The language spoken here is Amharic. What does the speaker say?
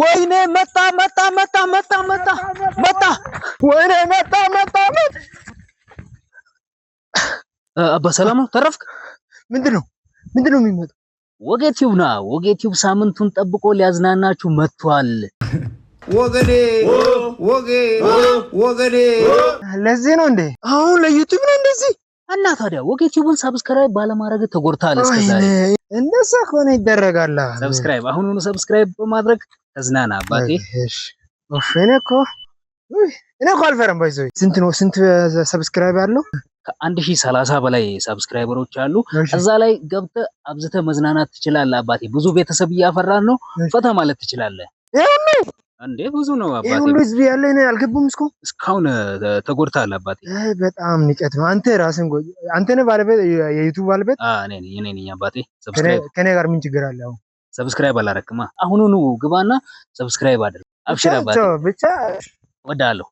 ወይኔ መጣ መጣ መጣ መጣ መጣ መጣ ወይኔ መጣ መጣ መጣ። አባ ሰላም ነው? ተረፍክ? ምንድነው ምንድነው የሚመጣው? ወጌቲው ና ወጌቲው ሳምንቱን ጠብቆ ሊያዝናናችሁ መጥቷል። ወገኔ ወጌ ወገኔ ለዚህ ነው እንዴ? አሁን ለዩቲዩብ ነው እንደዚህ። እና ታዲያ ወጌቲውን ሰብስክራይብ ባለማድረግ ተጎድታል። እስከዛሬ እንደዛ ከሆነ ይደረጋል። ሰብስክራይብ አሁን ሰብስክራይብ በማድረግ ተዝናና አባቴ። እኔ እኮ እኔ እኮ ባይዘ ስንት ነው ስንት ሰብስክራይብ አለው? ከአንድ ሺህ ሰላሳ በላይ ሰብስክራይበሮች አሉ። እዛ ላይ ገብተህ አብዝተህ መዝናናት ትችላለህ አባቴ። ብዙ ቤተሰብ እያፈራን ነው። ፈታ ማለት ትችላለህ። እንዴ ብዙ ነው አባቴ። ይሄ ሁሉ ህዝብ ያለ እኔ አልገቡም። እስካሁን ተጎድተሃል አባቴ። በጣም ንቀት ነው። አንተ ራስን አንተ ነህ ባለቤት፣ የዩቲዩብ ባለቤት እኔ ነኝ አባቴ። ከኔ ጋር ምን ችግር አለ? ሰብስክራይብ አላረክማ። አሁኑኑ ግባና ሰብስክራይብ አድርግ። አብሽራ ባድርግ። ብቻ ወዳለሁ